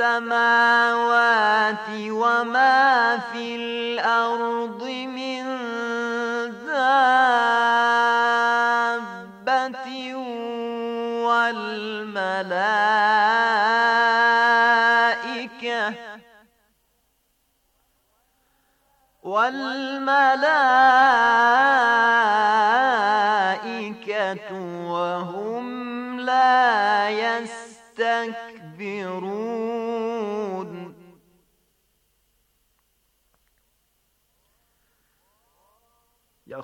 السماوات وما في الأرض من دابة والملائكة والملائكة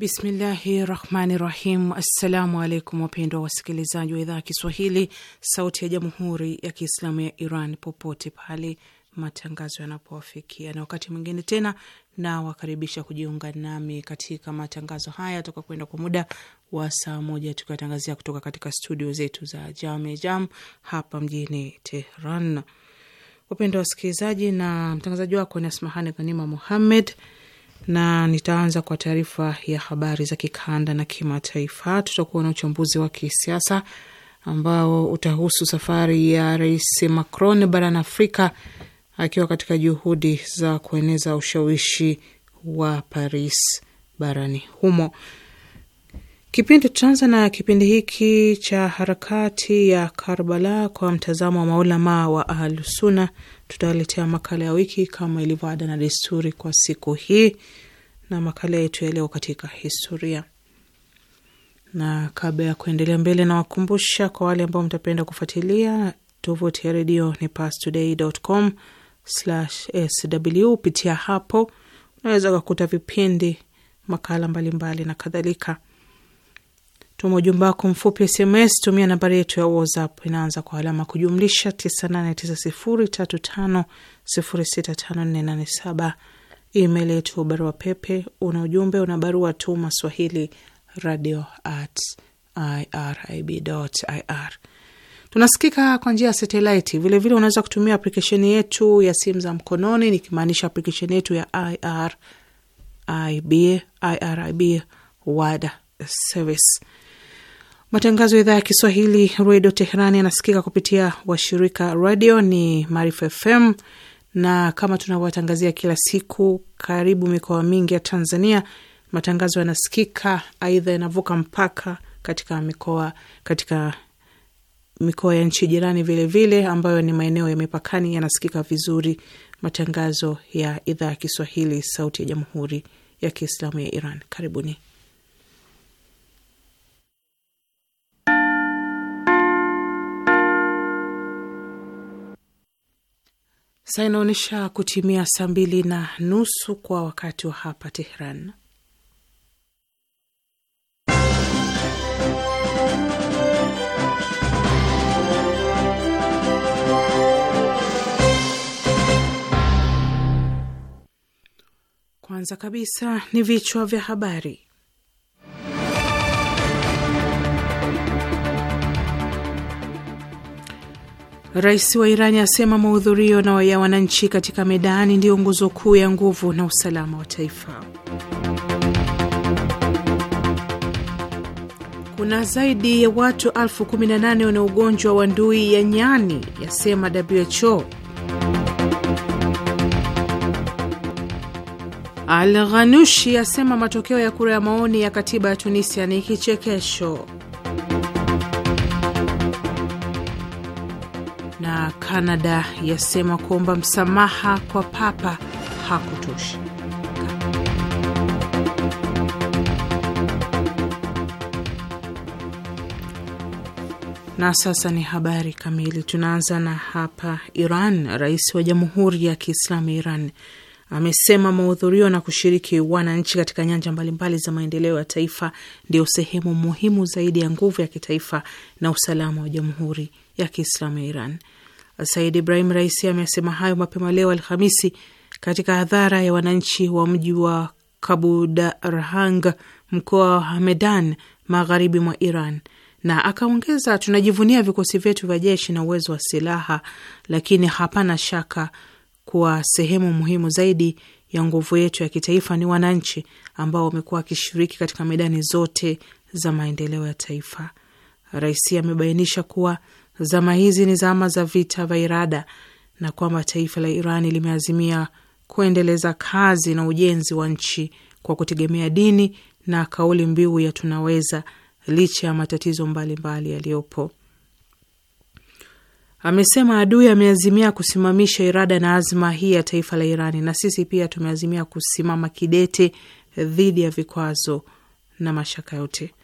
Bismillahi rahmani rahim. Assalamu alaikum wapendwa wasikilizaji wa idhaa ya Kiswahili sauti ya jamhuri ya Kiislamu ya Iran popote pale matangazo yanapowafikia, na wakati mwingine tena nawakaribisha kujiunga nami katika matangazo haya toka kwenda kwa muda wa saa moja, tukiwatangazia kutoka katika studio zetu za Jame Jam hapa mjini Tehran. Wapendwa wasikilizaji, na mtangazaji wako ni Asmahani Ghanima Muhammed na nitaanza kwa taarifa ya habari za kikanda na kimataifa. Tutakuwa na uchambuzi wa kisiasa ambao utahusu safari ya Rais Macron barani Afrika akiwa katika juhudi za kueneza ushawishi wa Paris barani humo. Kipindi tutaanza na kipindi hiki cha harakati ya Karbala kwa mtazamo wa maulama wa Ahlusuna tutaletea makala ya wiki kama ilivyo ada na desturi kwa siku hii, na makala yetu yaleo katika historia. Na kabla ya kuendelea mbele, nawakumbusha kwa wale ambao mtapenda kufuatilia tovuti ya redio ni pastoday.com sw. upitia hapo unaweza kukuta vipindi, makala mbalimbali mbali na kadhalika. Tuma ujumbe wako mfupi SMS, tumia nambari yetu ya WhatsApp inaanza kwa alama kujumlisha 989035065487. Email yetu barua pepe, una ujumbe una barua tuma swahili radio at irib ir. Tunasikika kwa njia ya satelaiti. Vilevile unaweza kutumia aplikesheni yetu ya simu za mkononi, nikimaanisha aplikesheni yetu ya IRIB IRIB service Matangazo ya idhaa ya Kiswahili redio Teherani yanasikika kupitia washirika radio ni Maarifa FM, na kama tunavyowatangazia kila siku, karibu mikoa mingi ya Tanzania matangazo yanasikika. Aidha, yanavuka mpaka katika mikoa katika mikoa ya nchi jirani vilevile ambayo ni maeneo ya mipakani yanasikika vizuri matangazo ya idhaa ya Kiswahili sauti ya jamhuri ya Kiislamu ya Iran. Karibuni. Saa inaonyesha kutimia saa mbili na nusu kwa wakati wa hapa Tehran. Kwanza kabisa ni vichwa vya habari. Rais wa Irani asema mahudhurio ya wananchi katika medani ndiyo nguzo kuu ya nguvu na usalama wa taifa. Kuna zaidi ya watu elfu 18 wana ugonjwa wa ndui ya nyani, yasema WHO. Al Ghanushi asema matokeo ya kura ya maoni ya katiba ya Tunisia ni kichekesho. Kanada yasema kuomba msamaha kwa Papa hakutoshi. Na sasa ni habari kamili. Tunaanza na hapa Iran. Rais wa Jamhuri ya Kiislamu ya Iran amesema mahudhurio na kushiriki wananchi katika nyanja mbalimbali za maendeleo ya taifa ndio sehemu muhimu zaidi ya nguvu ya kitaifa na usalama wa Jamhuri ya Kiislamu ya Iran. Said Ibrahim Raisi amesema hayo mapema leo Alhamisi katika hadhara ya wananchi wa mji wa Kabudarhang, mkoa wa Hamedan, magharibi mwa Iran, na akaongeza, tunajivunia vikosi vyetu vya jeshi na uwezo wa silaha, lakini hapana shaka kuwa sehemu muhimu zaidi ya nguvu yetu ya kitaifa ni wananchi ambao wamekuwa wakishiriki katika medani zote za maendeleo ya taifa. Raisi amebainisha kuwa zama hizi ni zama za vita vya irada na kwamba taifa la Irani limeazimia kuendeleza kazi na ujenzi wa nchi kwa kutegemea dini na kauli mbiu ya tunaweza, licha ya matatizo mbalimbali yaliyopo. Amesema adui ameazimia kusimamisha irada na azma hii ya taifa la Irani, na sisi pia tumeazimia kusimama kidete dhidi ya vikwazo na mashaka yote.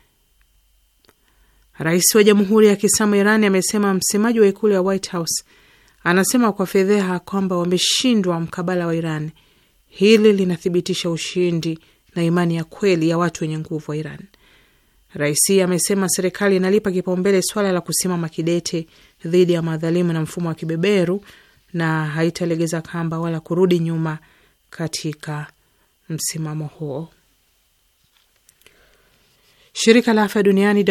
Rais wa Jamhuri ya Kiislamu Irani amesema msemaji wa ikulu ya White House anasema kwa fedheha kwamba wameshindwa mkabala wa Iran. Hili linathibitisha ushindi na imani ya kweli ya watu wenye nguvu wa Iran. Raisi amesema serikali inalipa kipaumbele swala la kusimama kidete dhidi ya madhalimu na mfumo wa kibeberu na haitalegeza kamba wala kurudi nyuma katika msimamo huo. Shirika la afya duniani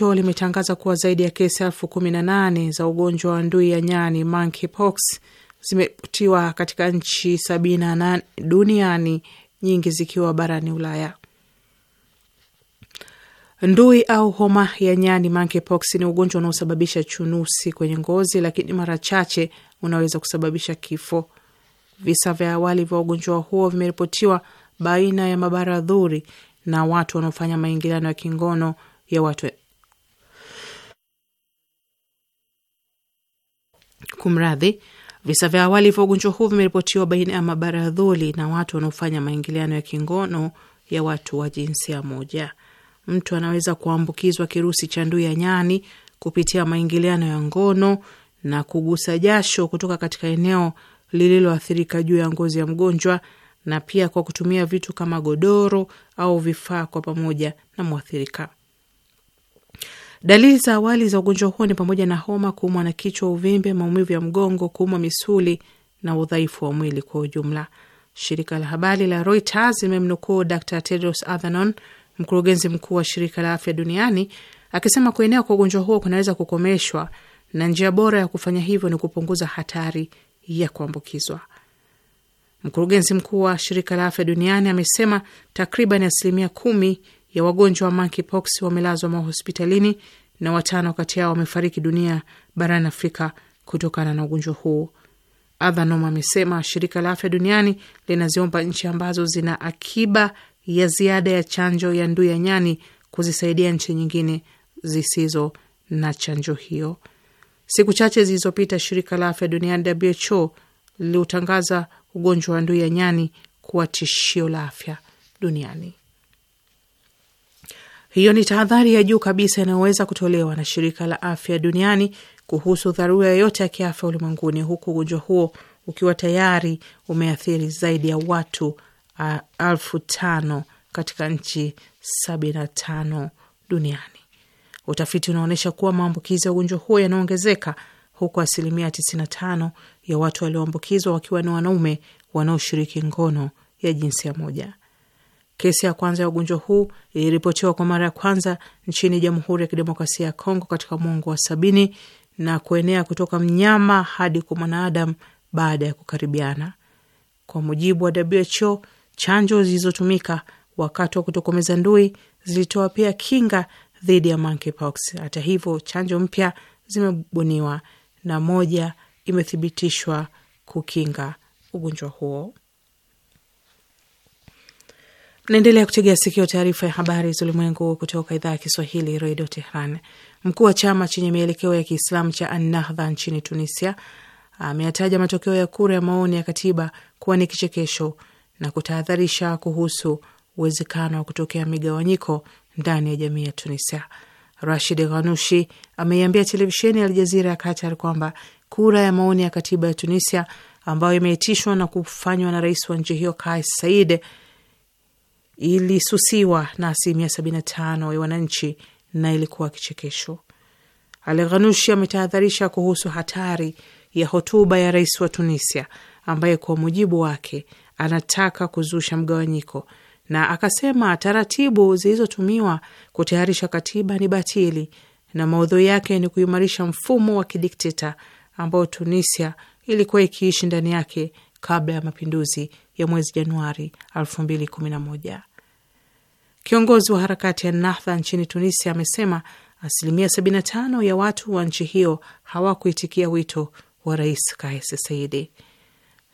WHO limetangaza kuwa zaidi ya kesi elfu kumi na nane za ugonjwa wa ndui ya nyani monkeypox zimeripotiwa katika nchi sabini na nane duniani, nyingi zikiwa barani Ulaya. Ndui au homa ya nyani monkeypox ni ugonjwa unaosababisha chunusi kwenye ngozi, lakini mara chache unaweza kusababisha kifo. Visa vya awali vya ugonjwa huo vimeripotiwa baina ya mabaradhuri na watu wanaofanya maingiliano ya kingono ya watu Kumradhi, visa vya awali vya ugonjwa huu vimeripotiwa baina ya mabaradhuli na watu wanaofanya maingiliano ya kingono ya watu wa jinsia moja. Mtu anaweza kuambukizwa kirusi cha ndui ya nyani kupitia maingiliano ya ngono na kugusa jasho kutoka katika eneo lililoathirika juu ya ngozi ya mgonjwa na pia kwa kutumia vitu kama godoro au vifaa kwa pamoja na mwathirika. Dalili za awali za ugonjwa huo ni pamoja na homa, kuumwa na kichwa, uvimbe, maumivu ya mgongo, kuumwa misuli na udhaifu wa mwili kwa ujumla. Shirika la habari la Reuters limemnukuu Dr Tedros Adhanom, mkurugenzi mkuu wa shirika la afya duniani, akisema kuenea kwa ugonjwa huo kunaweza kukomeshwa na njia bora ya kufanya hivyo ni kupunguza hatari ya kuambukizwa. Mkurugenzi mkuu wa shirika la afya duniani amesema takriban asilimia kumi ya wagonjwa wa monkeypox wamelazwa mahospitalini na watano kati yao wamefariki dunia barani Afrika kutokana na ugonjwa huo. Adhanom amesema shirika la afya duniani linaziomba nchi ambazo zina akiba ya ziada ya chanjo ya ndui ya nyani kuzisaidia nchi nyingine zisizo na chanjo hiyo. Siku chache zilizopita shirika la afya duniani WHO liliutangaza ugonjwa wa ndui ya nyani kuwa tishio la afya duniani. Hiyo ni tahadhari ya juu kabisa inayoweza kutolewa na shirika la afya duniani kuhusu dharura yoyote ya kiafya ulimwenguni, huku ugonjwa huo ukiwa tayari umeathiri zaidi ya watu uh, elfu tano katika nchi sabini na tano duniani. Utafiti unaonyesha kuwa maambukizi ya ugonjwa huo yanaongezeka huku asilimia 95 ya watu walioambukizwa wakiwa ni wanaume wanaoshiriki ngono ya jinsia moja. Kesi ya kwanza ya ugonjwa huu iliripotiwa kwa mara ya kwanza nchini Jamhuri ya Kidemokrasia ya Kongo katika mwongo wa sabini na kuenea kutoka mnyama hadi kwa mwanadamu baada ya kukaribiana. Kwa mujibu wa WHO, chanjo zilizotumika wakati wa kutokomeza ndui zilitoa pia kinga dhidi ya monkeypox. Hata hivyo, chanjo mpya zimebuniwa na moja imethibitishwa kukinga ugonjwa huo. Naendelea kutegea sikio taarifa ya habari za ulimwengu kutoka idhaa ya Kiswahili redio Tehran. Mkuu wa chama chenye mielekeo ya Kiislamu cha Annahdha nchini Tunisia ameyataja matokeo ya kura ya maoni ya katiba kuwa ni kichekesho na kutahadharisha kuhusu uwezekano wa kutokea migawanyiko ndani ya jamii ya Tunisia. Rashid Ghanushi ameiambia televisheni ya Aljazira ya Qatar kwamba kura ya maoni ya katiba ya Tunisia ambayo imeitishwa na kufanywa na rais wa nchi hiyo Kais Saied ilisusiwa na asilimia 75 ya wananchi na ilikuwa kichekesho. Al Ghanushi ametahadharisha kuhusu hatari ya hotuba ya rais wa Tunisia ambaye kwa mujibu wake anataka kuzusha mgawanyiko, na akasema taratibu zilizotumiwa kutayarisha katiba ni batili na maudhui yake ni kuimarisha mfumo wa kidikteta ambayo Tunisia ilikuwa ikiishi ndani yake kabla ya mapinduzi ya mwezi Januari 2011. Kiongozi wa harakati ya Nahdha nchini Tunisia amesema asilimia 75 ya watu wa nchi hiyo hawakuitikia wito wa Rais Kais Saidi.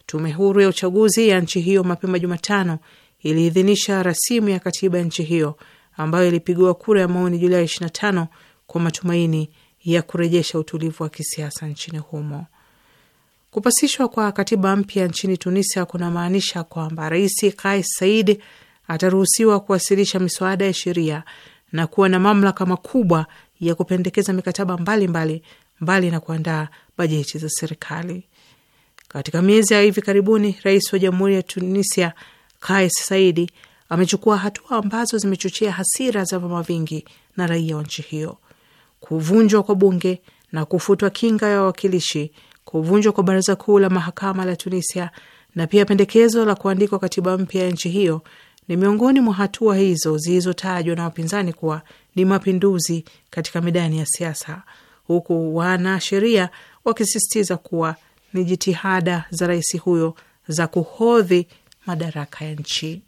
Tume huru ya uchaguzi ya nchi hiyo mapema Jumatano iliidhinisha rasimu ya katiba ya nchi hiyo ambayo ilipigiwa kura ya maoni Julai 25 kwa matumaini ya kurejesha utulivu wa kisiasa nchini humo. Kupasishwa kwa katiba mpya nchini Tunisia kunamaanisha kwamba Rais Kais Said ataruhusiwa kuwasilisha miswada ya sheria na kuwa na mamlaka makubwa ya kupendekeza mikataba mbalimbali mbali, mbali na kuandaa bajeti za serikali. Katika miezi ya hivi karibuni, rais wa jamhuri ya Tunisia Kais Saidi amechukua hatua ambazo zimechochea hasira za vyama vingi na raia wa nchi hiyo kuvunjwa kwa bunge na kufutwa kinga ya wawakilishi, kuvunjwa kwa baraza kuu la mahakama la Tunisia na pia pendekezo la kuandikwa katiba mpya ya nchi hiyo ni miongoni mwa hatua hizo zilizotajwa na wapinzani kuwa ni mapinduzi katika midani ya siasa, huku wanasheria wakisisitiza kuwa ni jitihada za rais huyo za kuhodhi madaraka ya nchi.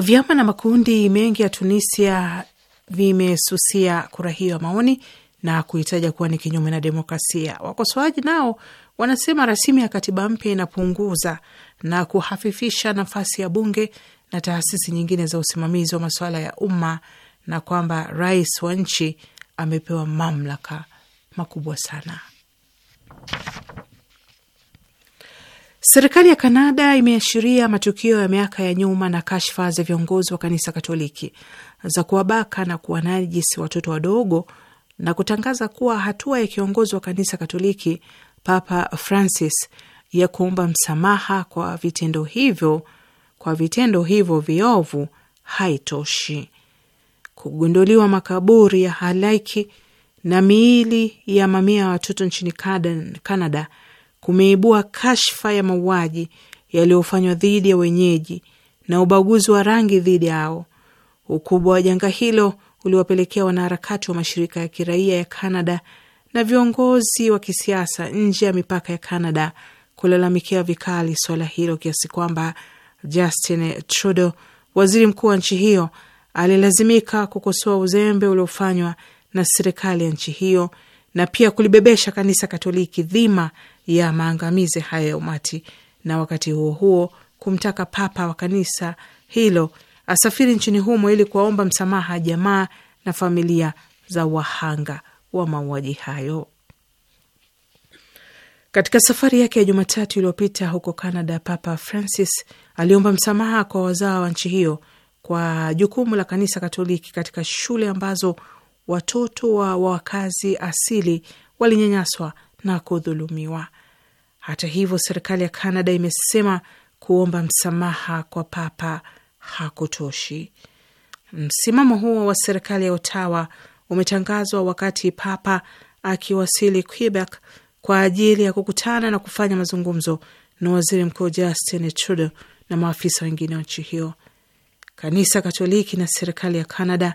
Vyama na makundi mengi ya Tunisia vimesusia kura hiyo ya maoni na kuitaja kuwa ni kinyume na demokrasia. Wakosoaji nao wanasema rasimu ya katiba mpya inapunguza na kuhafifisha nafasi ya bunge na taasisi nyingine za usimamizi wa masuala ya umma na kwamba rais wa nchi amepewa mamlaka makubwa sana. Serikali ya Kanada imeashiria matukio ya miaka ya nyuma na kashfa za viongozi wa kanisa Katoliki za kuwabaka na kuwanajisi watoto wadogo na kutangaza kuwa hatua ya kiongozi wa kanisa Katoliki Papa Francis ya kuomba msamaha kwa vitendo hivyo kwa vitendo hivyo viovu haitoshi. Kugunduliwa makaburi ya halaiki na miili ya mamia ya watoto nchini Canada kumeibua kashfa ya mauaji yaliyofanywa dhidi ya wenyeji na ubaguzi wa rangi dhidi yao Ukubwa wa janga hilo uliwapelekea wanaharakati wa mashirika ya kiraia ya Kanada na viongozi wa kisiasa nje ya mipaka ya Kanada kulalamikia vikali swala hilo kiasi kwamba Justin Trudeau, waziri mkuu wa nchi hiyo, alilazimika kukosoa uzembe uliofanywa na serikali ya nchi hiyo na pia kulibebesha kanisa Katoliki dhima ya maangamizi haya ya umati, na wakati huo huo kumtaka papa wa kanisa hilo asafiri nchini humo ili kuwaomba msamaha jamaa na familia za wahanga wa mauaji hayo. Katika safari yake ya Jumatatu iliyopita huko Canada, Papa Francis aliomba msamaha kwa wazaa wa nchi hiyo kwa jukumu la kanisa Katoliki katika shule ambazo watoto wa wakazi asili walinyanyaswa na kudhulumiwa. Hata hivyo, serikali ya Canada imesema kuomba msamaha kwa Papa hakutoshi. Msimamo huo wa serikali ya utawa umetangazwa wakati Papa akiwasili Quebec kwa ajili ya kukutana na kufanya mazungumzo na waziri mkuu Justin Trudeau na maafisa wengine wa nchi hiyo. Kanisa Katoliki na serikali ya Canada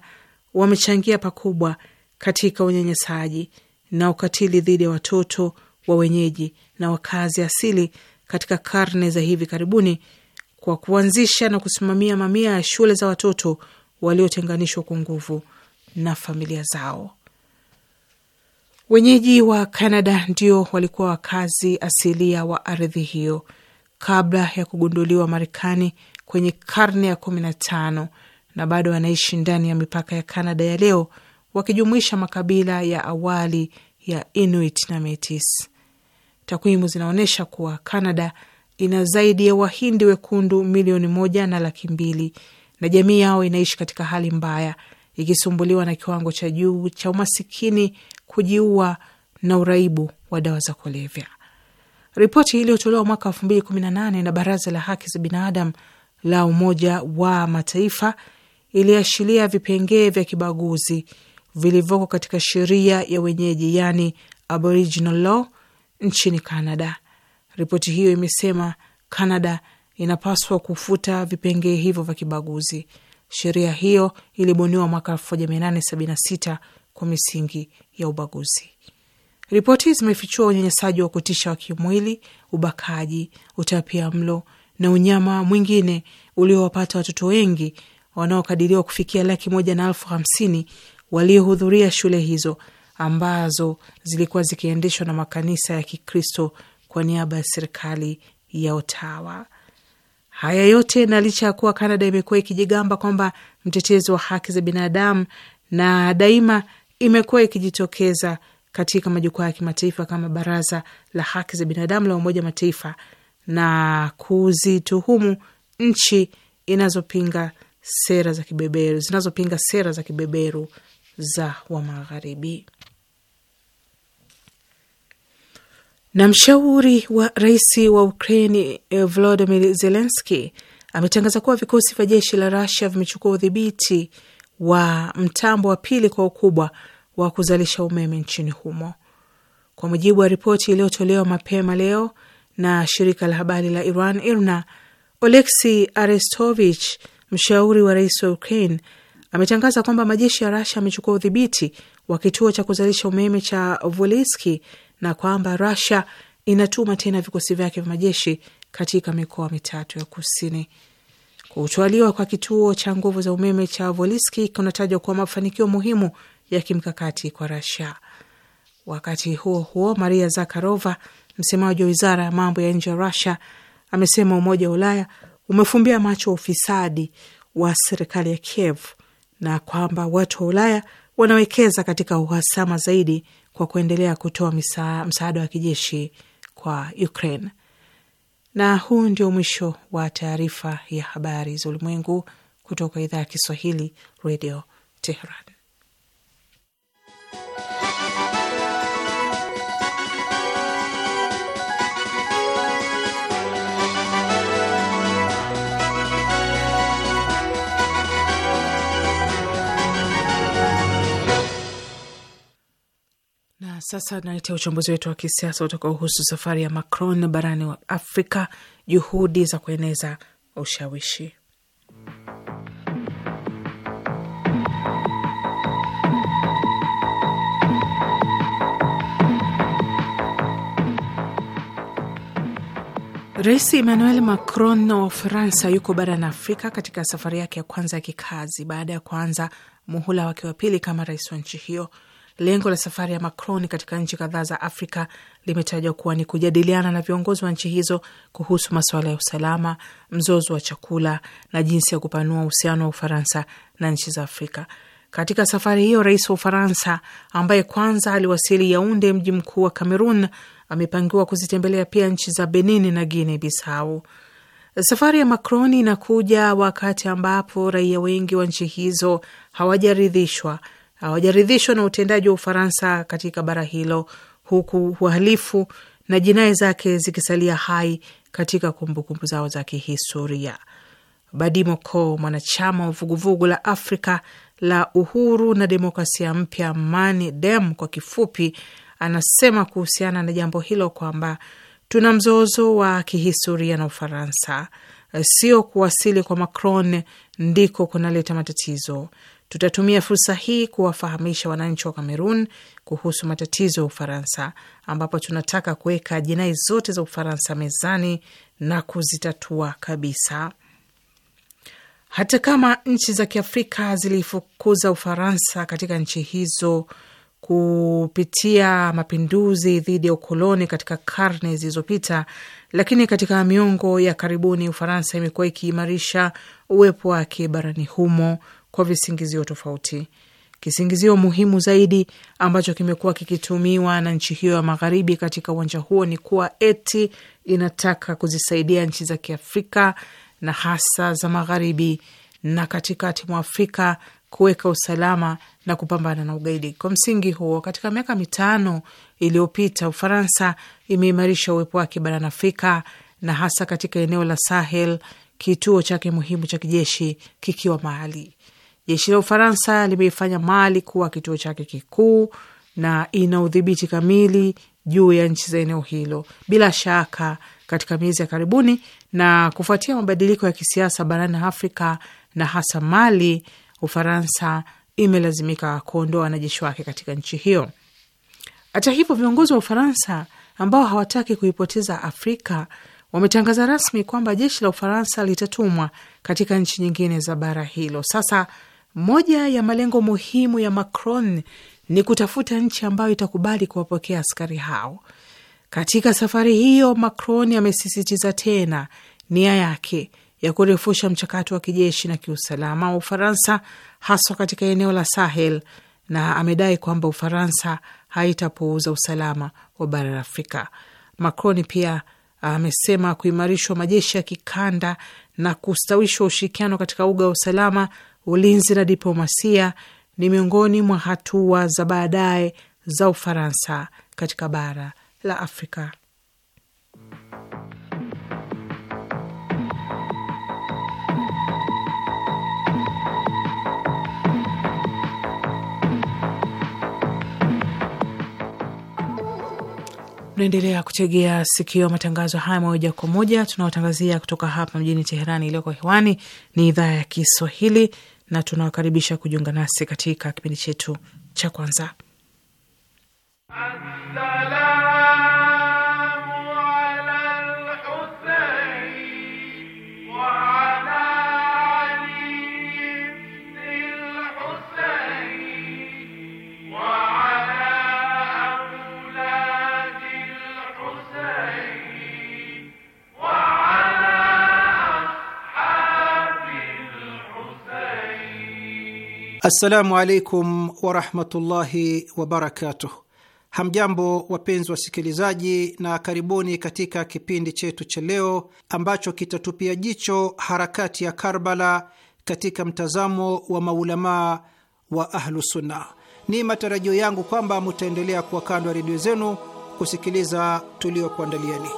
wamechangia pakubwa katika unyanyasaji na ukatili dhidi ya watoto wa wenyeji na wakazi asili katika karne za hivi karibuni kwa kuanzisha na kusimamia mamia ya shule za watoto waliotenganishwa kwa nguvu na familia zao. Wenyeji wa Kanada ndio walikuwa wakazi asilia wa ardhi hiyo kabla ya kugunduliwa Marekani kwenye karne ya kumi na tano na bado wanaishi ndani ya mipaka ya Kanada ya leo wakijumuisha makabila ya awali ya Inuit na Metis. Takwimu zinaonyesha kuwa Kanada ina zaidi ya Wahindi wekundu milioni moja na laki mbili na jamii yao inaishi katika hali mbaya ikisumbuliwa na kiwango cha juu cha umasikini, kujiua na uraibu wa dawa za kulevya. Ripoti iliyotolewa mwaka elfu mbili kumi na nane na Baraza la Haki za Binadamu la Umoja wa Mataifa iliashiria vipengee vya kibaguzi vilivyoko katika sheria ya wenyeji, yani aboriginal law nchini Canada. Ripoti hiyo imesema Kanada inapaswa kufuta vipengee hivyo vya kibaguzi. Sheria hiyo ilibuniwa mwaka 1876 kwa misingi ya ubaguzi. Ripoti zimefichua unyanyasaji wa kutisha wa kimwili, ubakaji, utapia mlo na unyama mwingine uliowapata watoto wengi wanaokadiriwa kufikia laki moja na elfu hamsini waliohudhuria shule hizo ambazo zilikuwa zikiendeshwa na makanisa ya Kikristo kwa niaba ya serikali ya Otawa. Haya yote na licha ya kuwa Kanada imekuwa ikijigamba kwamba mtetezi wa haki za binadamu na daima imekuwa ikijitokeza katika majukwaa ya kimataifa kama Baraza la Haki za Binadamu la Umoja Mataifa na kuzituhumu nchi inazopinga sera za kibeberu zinazopinga sera za kibeberu za wa Magharibi. Na mshauri wa rais wa Ukraini eh, vlodimir zelenski ametangaza kuwa vikosi vya jeshi la Rasia vimechukua udhibiti wa mtambo wa pili kwa ukubwa wa kuzalisha umeme nchini humo, kwa mujibu wa ripoti iliyotolewa mapema leo na shirika la habari la Iran IRNA. Oleksi Arestovich, mshauri wa rais wa Ukraine, ametangaza kwamba majeshi ya Rasia amechukua udhibiti wa kituo cha kuzalisha umeme cha Voliski na kwamba Russia inatuma tena vikosi vyake vya majeshi katika mikoa mitatu ya kusini. Kutwaliwa kwa kituo cha nguvu za umeme cha Voliski kunatajwa kuwa mafanikio muhimu ya kimkakati kwa Russia. Wakati huo huo, Maria Zakharova, msemaji wa wizara ya mambo ya nje ya Russia, amesema Umoja wa Ulaya umefumbia macho wa ufisadi wa serikali ya Kiev na kwamba watu wa Ulaya wanawekeza katika uhasama zaidi kwa kuendelea kutoa msaada wa kijeshi kwa Ukraine. Na huu ndio mwisho wa taarifa ya habari za ulimwengu kutoka idhaa ya Kiswahili, Radio Teheran. Sasa naletea uchambuzi wetu wa kisiasa utakaohusu safari ya Macron barani Afrika, juhudi za kueneza ushawishi. Rais Emmanuel Macron wa Ufaransa yuko barani Afrika katika safari yake ya kwanza ya kikazi baada ya kuanza muhula wake wa pili kama rais wa nchi hiyo. Lengo la safari ya Macron katika nchi kadhaa za Afrika limetajwa kuwa ni kujadiliana na viongozi wa nchi hizo kuhusu masuala ya usalama, mzozo wa chakula na jinsi ya kupanua uhusiano wa Ufaransa na nchi za Afrika. Katika safari hiyo, rais wa Ufaransa ambaye kwanza aliwasili Yaunde, mji mkuu wa Kamerun, amepangiwa kuzitembelea pia nchi za Benin na Guine Bisau. Safari ya Macron inakuja wakati ambapo raia wengi wa nchi hizo hawajaridhishwa hawajaridhishwa na utendaji wa Ufaransa katika bara hilo, huku uhalifu na jinai zake zikisalia hai katika kumbukumbu kumbu zao za kihistoria. Badimoko, mwanachama wa vuguvugu la Afrika la uhuru na demokrasia mpya, Mani Dem kwa kifupi, anasema kuhusiana na jambo hilo kwamba tuna mzozo wa kihistoria na Ufaransa. Sio kuwasili kwa Macron ndiko kunaleta matatizo. Tutatumia fursa hii kuwafahamisha wananchi wa Kamerun kuhusu matatizo ya Ufaransa, ambapo tunataka kuweka jinai zote za Ufaransa mezani na kuzitatua kabisa. Hata kama nchi za Kiafrika zilifukuza Ufaransa katika nchi hizo kupitia mapinduzi dhidi ya ukoloni katika karne zilizopita, lakini katika miongo ya karibuni Ufaransa imekuwa ikiimarisha uwepo wake barani humo kwa visingizio tofauti. Kisingizio muhimu zaidi ambacho kimekuwa kikitumiwa na nchi hiyo ya magharibi katika uwanja huo ni kuwa eti inataka kuzisaidia nchi za Kiafrika na hasa za magharibi na katikati mwa Afrika kuweka usalama na kupambana na ugaidi. Kwa msingi huo, katika miaka mitano iliyopita, Ufaransa imeimarisha uwepo wake barani Afrika na hasa katika eneo la Sahel, kituo chake muhimu cha kijeshi kikiwa Mali. Jeshi la Ufaransa limeifanya Mali kuwa kituo chake kikuu na ina udhibiti kamili juu ya nchi za eneo hilo. Bila shaka, katika miezi ya karibuni na kufuatia mabadiliko ya kisiasa barani Afrika na hasa Mali, Ufaransa imelazimika kuondoa wanajeshi wake katika nchi hiyo. Hata hivyo, viongozi wa Ufaransa ambao hawataki kuipoteza Afrika wametangaza rasmi kwamba jeshi la Ufaransa litatumwa katika nchi nyingine za bara hilo. Sasa moja ya malengo muhimu ya Macron ni kutafuta nchi ambayo itakubali kuwapokea askari hao. Katika safari hiyo, Macron amesisitiza tena nia yake ya kurefusha mchakato wa kijeshi na kiusalama wa Ufaransa, haswa katika eneo la Sahel, na amedai kwamba Ufaransa haitapuuza usalama wa bara la Afrika. Macron pia amesema kuimarishwa majeshi ya kikanda na kustawishwa ushirikiano katika uga wa usalama ulinzi na diplomasia ni miongoni mwa hatua za baadaye za Ufaransa katika bara la Afrika. Unaendelea kutegea sikio matangazo haya moja kwa moja tunaotangazia kutoka hapa mjini Teherani. Iliyoko hewani ni idhaa ya Kiswahili na tunawakaribisha kujiunga nasi katika kipindi chetu cha kwanza. Assalamu alaikum warahmatullahi wabarakatuh. Hamjambo wapenzi wasikilizaji, na karibuni katika kipindi chetu cha leo ambacho kitatupia jicho harakati ya Karbala katika mtazamo wa maulamaa wa Ahlusunna. Ni matarajio yangu kwamba mutaendelea kuwa kando ya redio zenu kusikiliza tuliokuandalieni.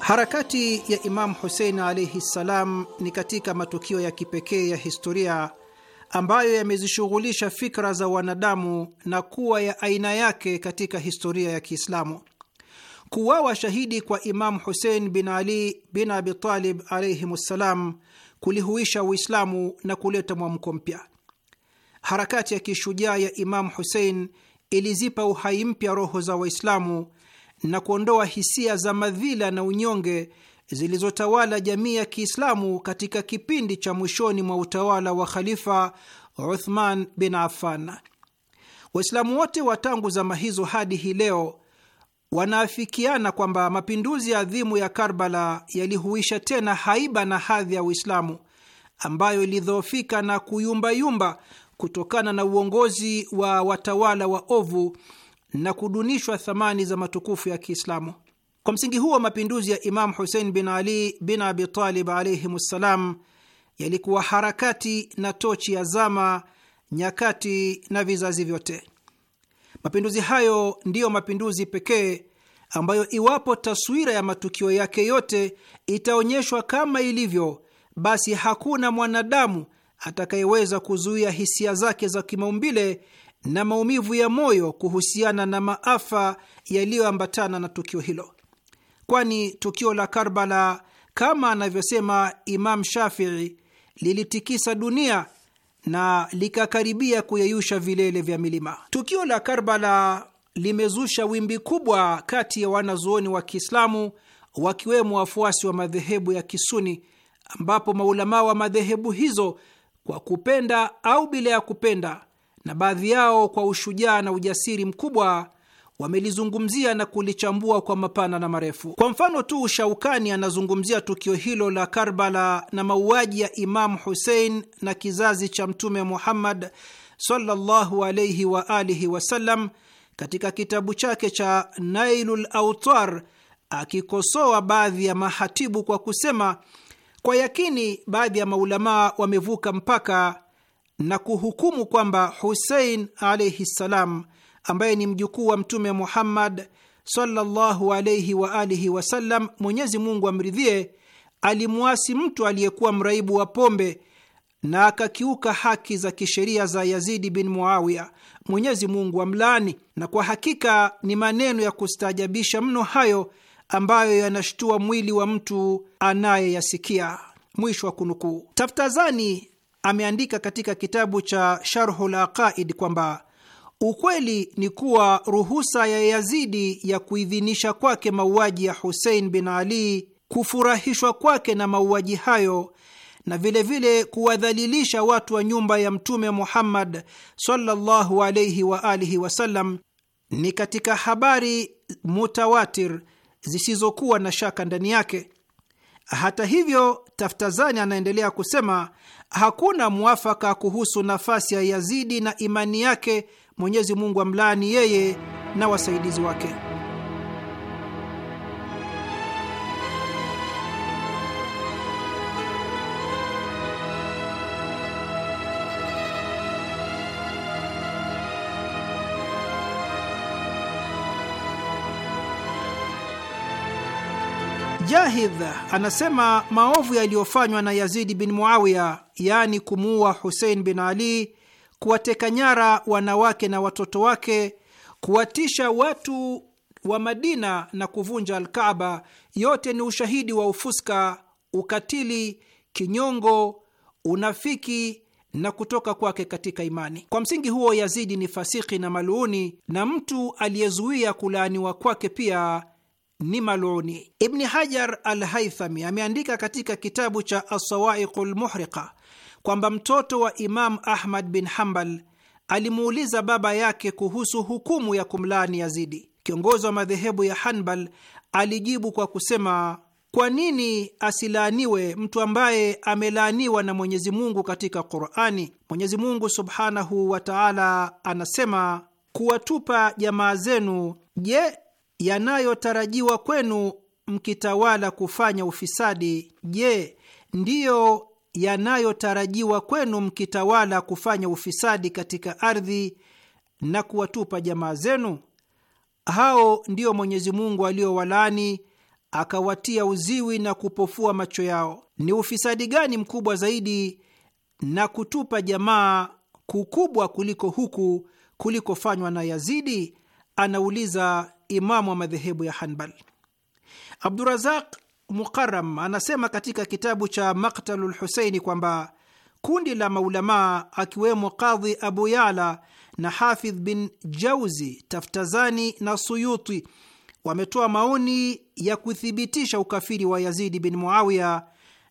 Harakati ya Imamu Husein alaihi ssalam ni katika matukio ya kipekee ya historia ambayo yamezishughulisha fikra za wanadamu na kuwa ya aina yake katika historia ya Kiislamu. Kuwawa shahidi kwa Imamu Husein bin Ali bin Abitalib alaihim ssalam kulihuisha Uislamu na kuleta mwamko mpya. Harakati ya kishujaa ya Imamu Husein ilizipa uhai mpya roho za Waislamu na kuondoa hisia za madhila na unyonge zilizotawala jamii ya Kiislamu katika kipindi cha mwishoni mwa utawala wa Khalifa Uthman bin Affan. Waislamu wote wa tangu zama hizo hadi hii leo wanaafikiana kwamba mapinduzi adhimu ya Karbala yalihuisha tena haiba na hadhi ya Uislamu ambayo ilidhoofika na kuyumbayumba kutokana na uongozi wa watawala wa ovu na kudunishwa thamani za matukufu ya Kiislamu. Kwa msingi huo, mapinduzi ya Imamu Husein bin Ali bin Abitalib alaihim ssalam yalikuwa harakati na tochi ya zama, nyakati na vizazi vyote. Mapinduzi hayo ndiyo mapinduzi pekee ambayo iwapo taswira ya matukio yake yote itaonyeshwa kama ilivyo, basi hakuna mwanadamu atakayeweza kuzuia hisia zake za kimaumbile na maumivu ya moyo kuhusiana na maafa yaliyoambatana na tukio hilo, kwani tukio la Karbala kama anavyosema Imam Shafii lilitikisa dunia na likakaribia kuyeyusha vilele vya milima. Tukio la Karbala limezusha wimbi kubwa kati ya wanazuoni wa Kiislamu wakiwemo wafuasi wa madhehebu ya Kisuni, ambapo maulamaa wa madhehebu hizo kwa kupenda au bila ya kupenda na baadhi yao kwa ushujaa na ujasiri mkubwa wamelizungumzia na kulichambua kwa mapana na marefu. Kwa mfano tu, Shaukani anazungumzia tukio hilo la Karbala na mauaji ya Imamu Husein na kizazi cha Mtume Muhammad sallallahu alaihi wa alihi wasallam katika kitabu chake cha Nailul Autar, akikosoa baadhi ya mahatibu kwa kusema, kwa yakini baadhi ya maulamaa wamevuka mpaka na kuhukumu kwamba Husein alaihi ssalam, ambaye ni mjukuu wa Mtume Muhammad sallallahu alaihi wa alihi wasallam, Mwenyezi Mungu amridhie, alimwasi mtu aliyekuwa mraibu wa pombe na akakiuka haki za kisheria za Yazidi bin Muawiya, Mwenyezi Mungu amlaani. Na kwa hakika ni maneno ya kustaajabisha mno hayo ambayo yanashtua mwili wa mtu anayeyasikia. Mwisho wa kunukuu. Taftazani ameandika katika kitabu cha Sharhul Aqaid kwamba ukweli ni kuwa ruhusa ya Yazidi ya kuidhinisha kwake mauaji ya Husein bin Ali, kufurahishwa kwake na mauaji hayo na vilevile kuwadhalilisha watu wa nyumba ya Mtume Muhammad sallallahu alaihi wa alihi wasallam ni katika habari mutawatir zisizokuwa na shaka ndani yake. Hata hivyo, Taftazani anaendelea kusema Hakuna mwafaka kuhusu nafasi ya Yazidi na imani yake. Mwenyezi Mungu amlaani yeye na wasaidizi wake. Jahidh anasema maovu yaliyofanywa na Yazidi bin Muawiya yaani kumuua Husein bin Ali, kuwateka nyara wanawake na watoto wake, kuwatisha watu wa Madina na kuvunja Alkaaba, yote ni ushahidi wa ufuska, ukatili, kinyongo, unafiki na kutoka kwake katika imani. Kwa msingi huo, Yazidi ni fasiki na maluuni, na mtu aliyezuia kulaaniwa kwake pia ni maluuni Ibni Hajar al Haithami ameandika katika kitabu cha Asawaiqu lmuhriqa kwamba mtoto wa Imam Ahmad bin Hambal alimuuliza baba yake kuhusu hukumu ya kumlaani Yazidi. Kiongozi wa madhehebu ya Hanbal alijibu kwa kusema, kwa nini asilaaniwe mtu ambaye amelaaniwa na Mwenyezi Mungu katika Qurani? Mwenyezi Mungu subhanahu wa taala anasema, kuwatupa jamaa zenu, je, yanayotarajiwa kwenu mkitawala kufanya ufisadi, je, ndiyo yanayotarajiwa kwenu mkitawala kufanya ufisadi katika ardhi na kuwatupa jamaa zenu? Hao ndio Mwenyezi Mungu aliowalaani akawatia uziwi na kupofua macho yao. Ni ufisadi gani mkubwa zaidi na kutupa jamaa kukubwa kuliko huku kulikofanywa na Yazidi? Anauliza imamu wa madhehebu ya Hanbal. Abdurazaq Mukaram anasema katika kitabu cha Maktalu lhuseini kwamba kundi la maulamaa akiwemo Qadhi Abu Yala na Hafidh bin Jauzi, Taftazani na Suyuti wametoa maoni ya kuthibitisha ukafiri wa Yazidi bin Muawiya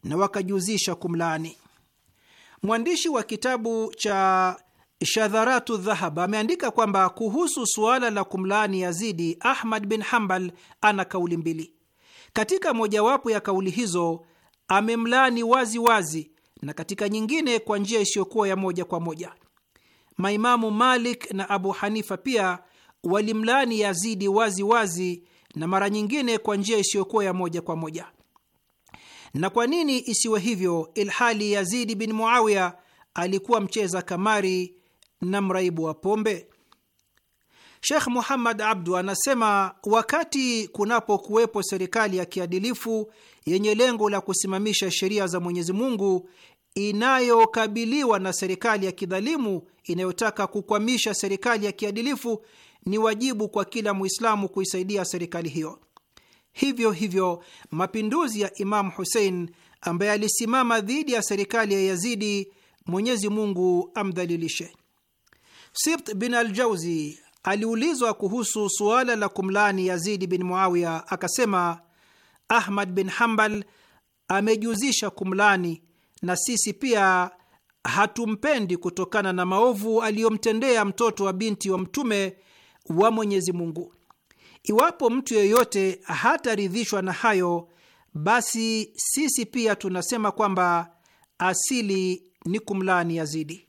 na wakajuzisha kumlaani. Mwandishi wa kitabu cha Shadharatu Dhahab ameandika kwamba kuhusu suala la kumlaani Yazidi, Ahmad bin Hambal ana kauli mbili. Katika mojawapo ya kauli hizo amemlani wazi wazi na katika nyingine kwa njia isiyokuwa ya moja kwa moja. Maimamu Malik na Abu Hanifa pia walimlani Yazidi wazi wazi na mara nyingine kwa njia isiyokuwa ya moja kwa moja. Na kwa nini isiwe hivyo, ilhali Yazidi bin Muawiya alikuwa mcheza kamari na mraibu wa pombe? Shekh Muhammad Abdu anasema wakati kunapokuwepo serikali ya kiadilifu yenye lengo la kusimamisha sheria za Mwenyezi Mungu inayokabiliwa na serikali ya kidhalimu inayotaka kukwamisha serikali ya kiadilifu, ni wajibu kwa kila Mwislamu kuisaidia serikali hiyo. Hivyo hivyo, mapinduzi ya Imamu Husein ambaye alisimama dhidi ya serikali ya Yazidi, Mwenyezi Mungu amdhalilishe. Sibt bin Aljauzi aliulizwa kuhusu suala la kumlani Yazidi bin Muawiya akasema, Ahmad bin Hambal amejuzisha kumlani na sisi pia hatumpendi kutokana na maovu aliyomtendea mtoto wa binti wa Mtume wa Mwenyezi Mungu. Iwapo mtu yeyote hataridhishwa na hayo, basi sisi pia tunasema kwamba asili ni kumlani Yazidi.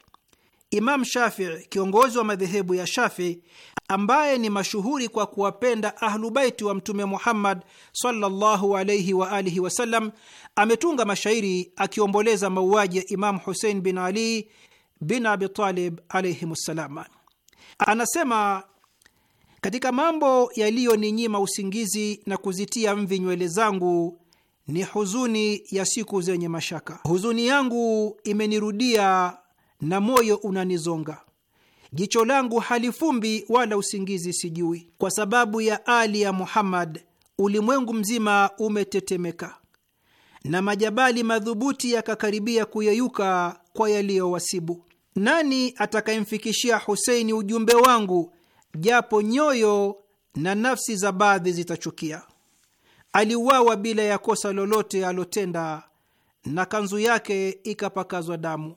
Imam Shafii, kiongozi wa madhehebu ya Shafii ambaye ni mashuhuri kwa kuwapenda Ahlubaiti wa Mtume Muhammad sallallahu alaihi wa alihi wasallam, ametunga mashairi akiomboleza mauaji ya Imamu Husein bin Ali bin Abitalib alaihim ssalam. Anasema, katika mambo yaliyoninyima usingizi na kuzitia mvi nywele zangu ni huzuni ya siku zenye mashaka. Huzuni yangu imenirudia na moyo unanizonga, jicho langu halifumbi wala usingizi sijui. Kwa sababu ya Ali ya Muhammad ulimwengu mzima umetetemeka na majabali madhubuti yakakaribia kuyeyuka kwa yaliyowasibu. Nani atakayemfikishia Huseini ujumbe wangu, japo nyoyo na nafsi za baadhi zitachukia? Aliuawa bila ya kosa lolote alotenda, na kanzu yake ikapakazwa damu.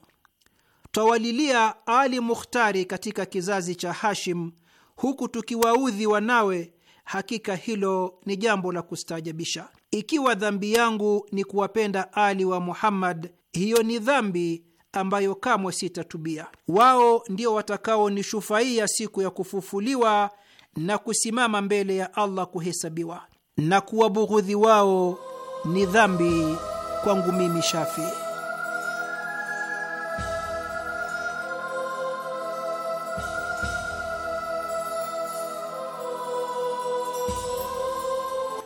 Twawalilia Ali Mukhtari katika kizazi cha Hashim, huku tukiwaudhi wanawe. Hakika hilo ni jambo la kustaajabisha. Ikiwa dhambi yangu ni kuwapenda Ali wa Muhammad, hiyo ni dhambi ambayo kamwe sitatubia. Wao ndio watakaonishufaia siku ya kufufuliwa na kusimama mbele ya Allah kuhesabiwa, na kuwabughudhi wao ni dhambi kwangu mimi Shafii.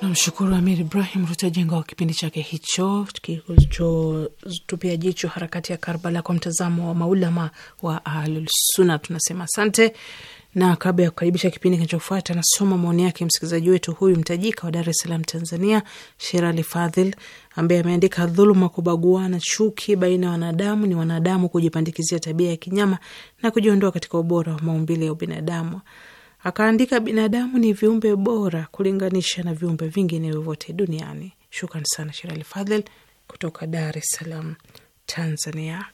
Namshukuru Amir Ibrahim Rutajenga wa kipindi chake hicho kilichotupia jicho harakati ya Karbala kwa mtazamo wa maulama wa Ahlulsunna. Tunasema asante. Na kabla ya kukaribisha kipindi kinachofuata, nasoma maoni yake msikilizaji wetu huyu mtajika wa Dar es Salaam, Tanzania, Sherali Fadhil, ambaye ameandika: dhuluma, kubaguana, chuki baina ya wanadamu ni wanadamu kujipandikizia tabia ya kinyama na kujiondoa katika ubora wa maumbile ya ubinadamu. Akaandika, binadamu ni viumbe bora kulinganisha na viumbe vingine vyovyote duniani. Shukran sana Sherali Fadhil kutoka Dar es Salaam, Tanzania.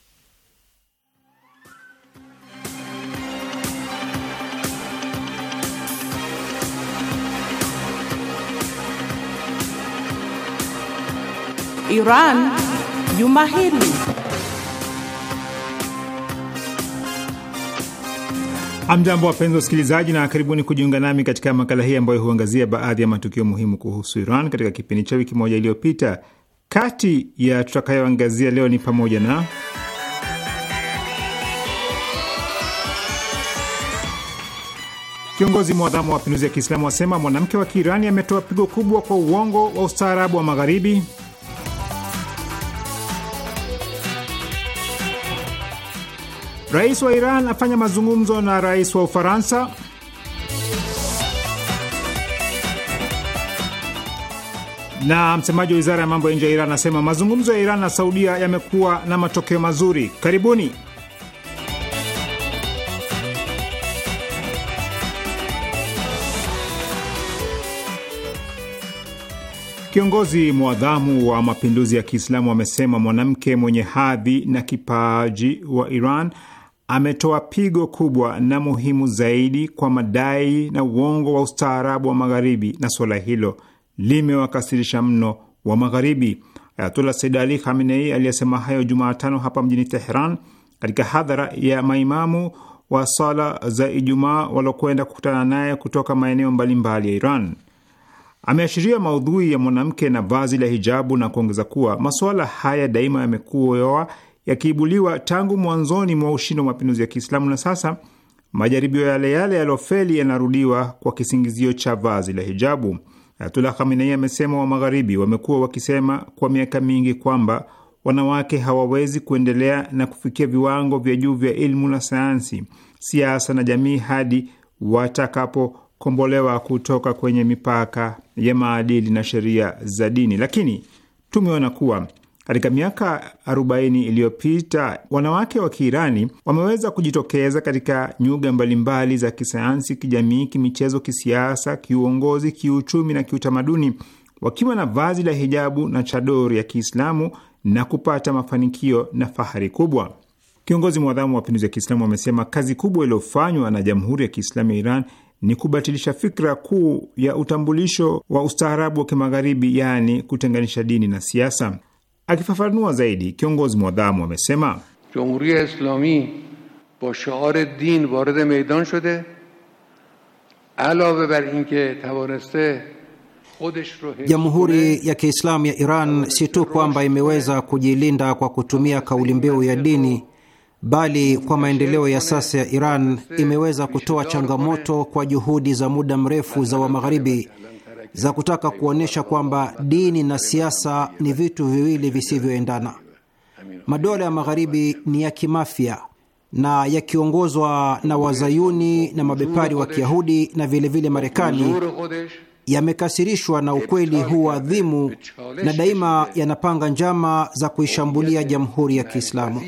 Iran juma hili. Amjambo, wapenzi wasikilizaji, na karibuni kujiunga nami katika makala hii ambayo huangazia baadhi ya matukio muhimu kuhusu Iran katika kipindi cha wiki moja iliyopita. Kati ya tutakayoangazia leo ni pamoja na Kiongozi mwadhamu wa mapinduzi ya Kiislamu wasema mwanamke wa Kiirani ametoa pigo kubwa kwa uongo wa ustaarabu wa Magharibi. Rais wa Iran afanya mazungumzo na rais wa Ufaransa. Na msemaji wa wizara ya mambo ya nje ya Iran anasema mazungumzo ya Iran na Saudia yamekuwa na matokeo mazuri. Karibuni. Kiongozi mwadhamu wa mapinduzi ya Kiislamu amesema mwanamke mwenye hadhi na kipaji wa Iran ametoa pigo kubwa na muhimu zaidi kwa madai na uongo wa ustaarabu wa Magharibi, na suala hilo limewakasirisha mno wa Magharibi. Ayatullah Said Ali Khamenei aliyesema hayo jumaatano hapa mjini Teheran katika hadhara ya maimamu wa sala za Ijumaa waliokwenda kukutana naye kutoka maeneo mbalimbali ya Iran. Ameashiria maudhui ya mwanamke na vazi la hijabu na kuongeza kuwa masuala haya daima yamekuwa yakiibuliwa tangu mwanzoni mwa ushindi wa mapinduzi ya Kiislamu, na sasa majaribio yale yale yalofeli yanarudiwa kwa kisingizio cha vazi la hijabu. Ayatullah Khamenei amesema wa Magharibi wamekuwa wakisema kwa miaka mingi kwamba wanawake hawawezi kuendelea na kufikia viwango vya juu vya ilmu na sayansi, siasa na jamii hadi watakapokombolewa kutoka kwenye mipaka ya maadili na sheria za dini, lakini tumeona kuwa katika miaka 40 iliyopita wanawake wa Kiirani wameweza kujitokeza katika nyuga mbalimbali za kisayansi, kijamii, kimichezo, kisiasa, kiuongozi, kiuchumi na kiutamaduni wakiwa na vazi la hijabu na chadori ya Kiislamu na kupata mafanikio na fahari kubwa. Kiongozi mwadhamu wa mapinduzi ya Kiislamu amesema kazi kubwa iliyofanywa na Jamhuri ya Kiislamu ya Iran ni kubatilisha fikra kuu ya utambulisho wa ustaarabu wa Kimagharibi, yaani kutenganisha dini na siasa. Akifafanua zaidi, kiongozi mwadhamu amesema jamhuria Islami ba shaar din varede meidan shode alave bar inke tavaneste Jamhuri ya Kiislamu ya Iran si tu kwamba imeweza kujilinda kwa kutumia kauli mbiu ya dini, bali kwa maendeleo ya sasa ya Iran imeweza kutoa changamoto kwa juhudi za muda mrefu za Wamagharibi za kutaka kuonyesha kwamba dini na siasa ni vitu viwili visivyoendana. Madola ya magharibi ni ya kimafia na yakiongozwa na wazayuni na mabepari wa Kiyahudi na vilevile Marekani yamekasirishwa na ukweli huu adhimu na daima yanapanga njama za kuishambulia jamhuri ya Kiislamu.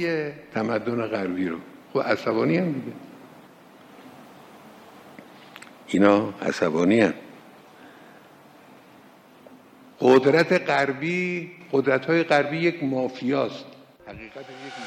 قدرت غربی قدرت‌های های غربی یک مافیاست حقیقت یک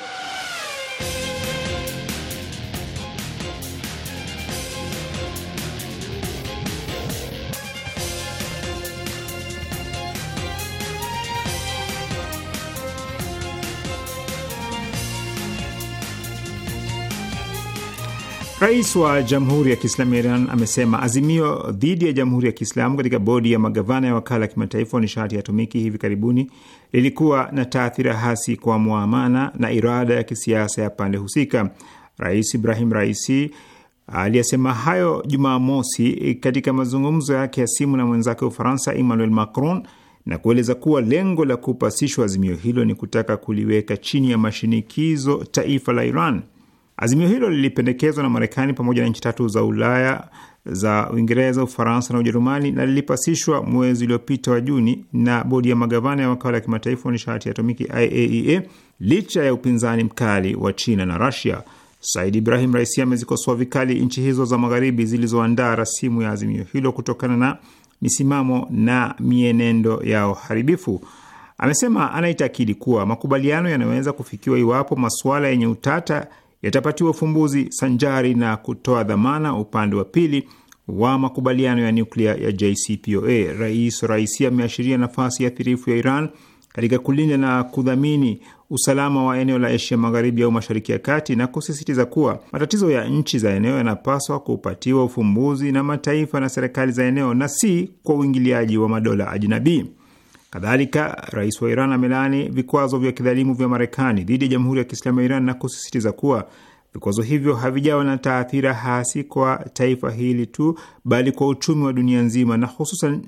Rais wa Jamhuri ya Kiislamu ya Iran amesema azimio dhidi ya Jamhuri ya Kiislamu katika bodi ya magavana ya wakala ya kimataifa wa nishati ya atomiki hivi karibuni lilikuwa na taathira hasi kwa mwamana na irada ya kisiasa ya pande husika. Rais Ibrahim Raisi aliyesema hayo Jumamosi katika mazungumzo yake ya simu na mwenzake wa Ufaransa Emmanuel Macron na kueleza kuwa lengo la kupasishwa azimio hilo ni kutaka kuliweka chini ya mashinikizo taifa la Iran. Azimio hilo lilipendekezwa na Marekani pamoja na nchi tatu za Ulaya za Uingereza, Ufaransa na Ujerumani, na lilipasishwa mwezi uliopita wa Juni na bodi ya magavana ya wakala ya kimataifa wa nishati ya atomiki IAEA e licha ya upinzani mkali wa China na Rusia. Said Ibrahim Raisi amezikosoa vikali nchi hizo za magharibi zilizoandaa rasimu ya azimio hilo kutokana na misimamo na mienendo yao haribifu. Amesema anaitakidi kuwa makubaliano yanaweza kufikiwa iwapo masuala yenye utata yatapatiwa ufumbuzi sanjari na kutoa dhamana upande wa pili wa makubaliano ya nyuklia ya JCPOA. Rais Raisi ameashiria nafasi athirifu ya Iran katika kulinda na kudhamini usalama wa eneo la Asia Magharibi au Mashariki ya Kati na kusisitiza kuwa matatizo ya nchi za eneo yanapaswa kupatiwa ufumbuzi na mataifa na serikali za eneo na si kwa uingiliaji wa madola ajinabii. Kadhalika, rais wa Iran amelaani vikwazo vya kidhalimu vya Marekani dhidi ya Jamhuri ya Kiislamu ya Iran na kusisitiza kuwa vikwazo hivyo havijawa na taathira hasi kwa taifa hili tu, bali kwa uchumi wa dunia nzima na hususan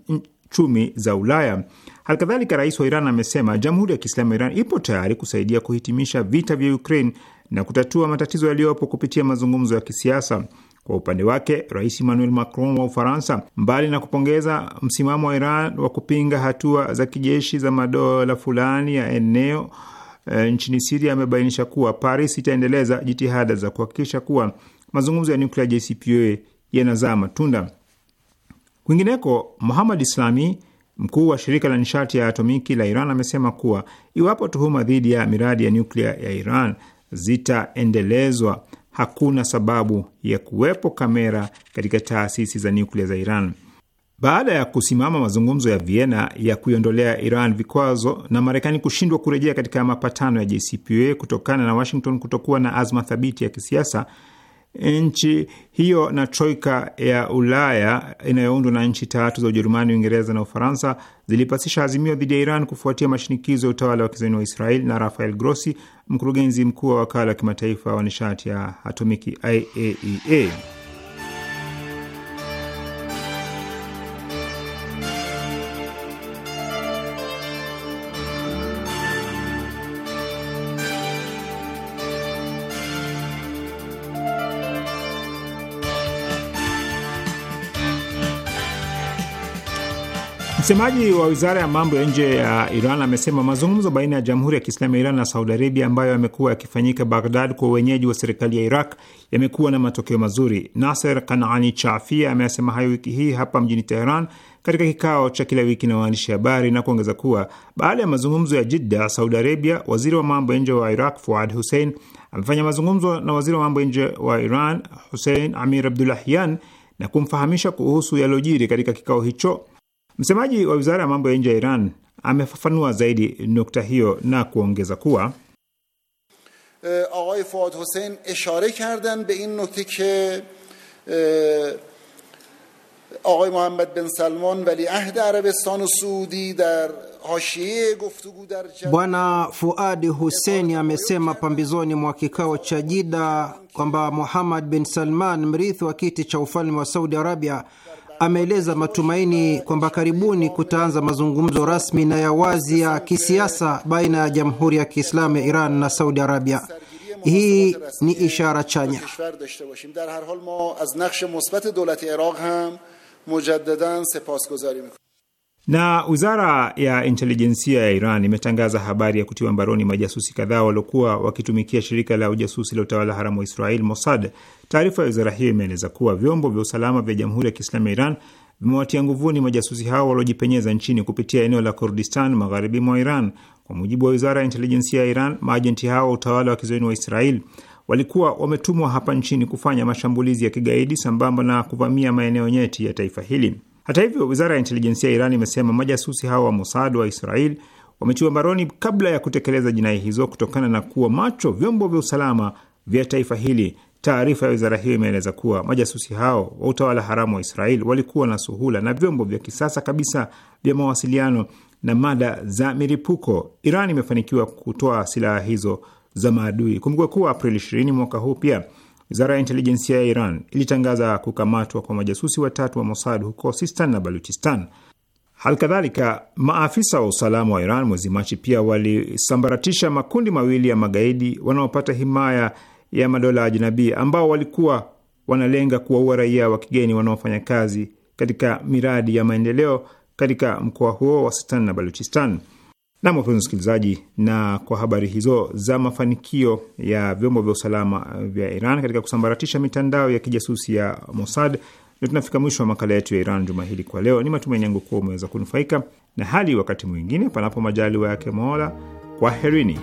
chumi za Ulaya. Halikadhalika, rais wa Iran amesema Jamhuri ya Kiislamu ya Iran ipo tayari kusaidia kuhitimisha vita vya Ukraine na kutatua matatizo yaliyopo kupitia mazungumzo ya kisiasa. Kwa upande wake Rais Emmanuel Macron wa Ufaransa, mbali na kupongeza msimamo wa Iran wa kupinga hatua za kijeshi za madola fulani ya eneo e, nchini Siria, amebainisha kuwa Paris itaendeleza jitihada za kuhakikisha kuwa mazungumzo ya nuklia JCPOA yanazaa matunda. Kwingineko, Muhamad Islami, mkuu wa shirika la nishati ya atomiki la Iran, amesema kuwa iwapo tuhuma dhidi ya miradi ya nyuklia ya Iran zitaendelezwa hakuna sababu ya kuwepo kamera katika taasisi za nyuklia za Iran. Baada ya kusimama mazungumzo ya Vienna ya kuiondolea Iran vikwazo na Marekani kushindwa kurejea katika mapatano ya JCPOA kutokana na Washington kutokuwa na azma thabiti ya kisiasa, nchi hiyo na troika ya Ulaya inayoundwa na nchi tatu za Ujerumani, Uingereza na Ufaransa zilipasisha azimio dhidi ya Iran kufuatia mashinikizo ya utawala wa kizayuni wa Israel na Rafael Grossi, mkurugenzi mkuu wa wakala wa kimataifa wa nishati ya atomiki IAEA. E Msemaji wa wizara ya mambo ya nje ya Iran amesema mazungumzo baina ya Jamhuri ya Kiislamu ya Iran na Saudi Arabia ambayo yamekuwa yakifanyika Baghdad kwa wenyeji wa serikali ya Iraq yamekuwa na matokeo mazuri. nasr Kanaani Chafia ameyasema hayo wiki hii hapa mjini Teheran katika kikao cha kila wiki na waandishi habari na kuongeza kuwa baada ya mazungumzo ya Jidda, Saudi Arabia, waziri wa mambo ya nje wa Iraq Fuad Hussein amefanya mazungumzo na waziri wa mambo ya nje wa Iran Hussein Amir Abdulahyan na kumfahamisha kuhusu yaliyojiri katika kikao hicho Msemaji wa wizara ya mambo ya nje ya Iran amefafanua zaidi nukta hiyo na kuongeza kuwa aghay Fuad Hussein ishare kardan be in nukte ke aghay Muhammad bin Salman wali ahd Arabistan Saudi dar Bwana Fuadi Hussein amesema pambizoni mwa kikao cha Jida kwamba Muhammad bin Salman, mrithi wa kiti cha ufalme wa Saudi Arabia, ameeleza matumaini kwamba karibuni kutaanza mazungumzo rasmi na ya wazi ya kisiasa baina ya Jamhuri ya Kiislamu ya Iran na Saudi Arabia. Hii ni ishara chanya. Na wizara ya intelijensia ya Iran imetangaza habari ya kutiwa mbaroni majasusi kadhaa waliokuwa wakitumikia shirika la ujasusi la utawala haramu wa Israel, Mossad. Taarifa ya wizara hiyo imeeleza kuwa vyombo vya usalama vya Jamhuri ya Kiislamu ya Iran vimewatia nguvuni majasusi hao waliojipenyeza nchini kupitia eneo la Kurdistan, magharibi mwa Iran. Kwa mujibu wa wizara ya intelijensia ya Iran, maajenti hao wa utawala wa kizoeni wa Israel walikuwa wametumwa hapa nchini kufanya mashambulizi ya kigaidi sambamba na kuvamia maeneo nyeti ya taifa hili. Hata hivyo, wizara ya intelijensia ya Iran imesema majasusi hao wa Mossad wa Israel wametiwa mbaroni kabla ya kutekeleza jinai hizo kutokana na kuwa macho vyombo vya usalama vya taifa hili. Taarifa ya wizara hiyo imeeleza kuwa majasusi hao wa utawala haramu wa Israel walikuwa na suhula na vyombo vya kisasa kabisa vya mawasiliano na mada za miripuko. Iran imefanikiwa kutoa silaha hizo za maadui. Kumbuka kuwa Aprili 20 mwaka huu pia Wizara ya intelijensia ya Iran ilitangaza kukamatwa kwa majasusi watatu wa Mossad huko Sistan na Baluchistan. Halikadhalika, maafisa wa usalama wa Iran mwezi Machi pia walisambaratisha makundi mawili ya magaidi wanaopata himaya ya madola ajnabi ambao walikuwa wanalenga kuwaua raia wa kigeni wanaofanya kazi katika miradi ya maendeleo katika mkoa huo wa Sistan na Baluchistan. Nam, wapenzi msikilizaji, na kwa habari hizo za mafanikio ya vyombo vya usalama vya Iran katika kusambaratisha mitandao ya kijasusi ya Mossad, ndio tunafika mwisho wa makala yetu ya Iran juma hili kwa leo. Ni matumaini yangu kuwa umeweza kunufaika na hali. Wakati mwingine, panapo majaliwa yake Mola, kwaherini.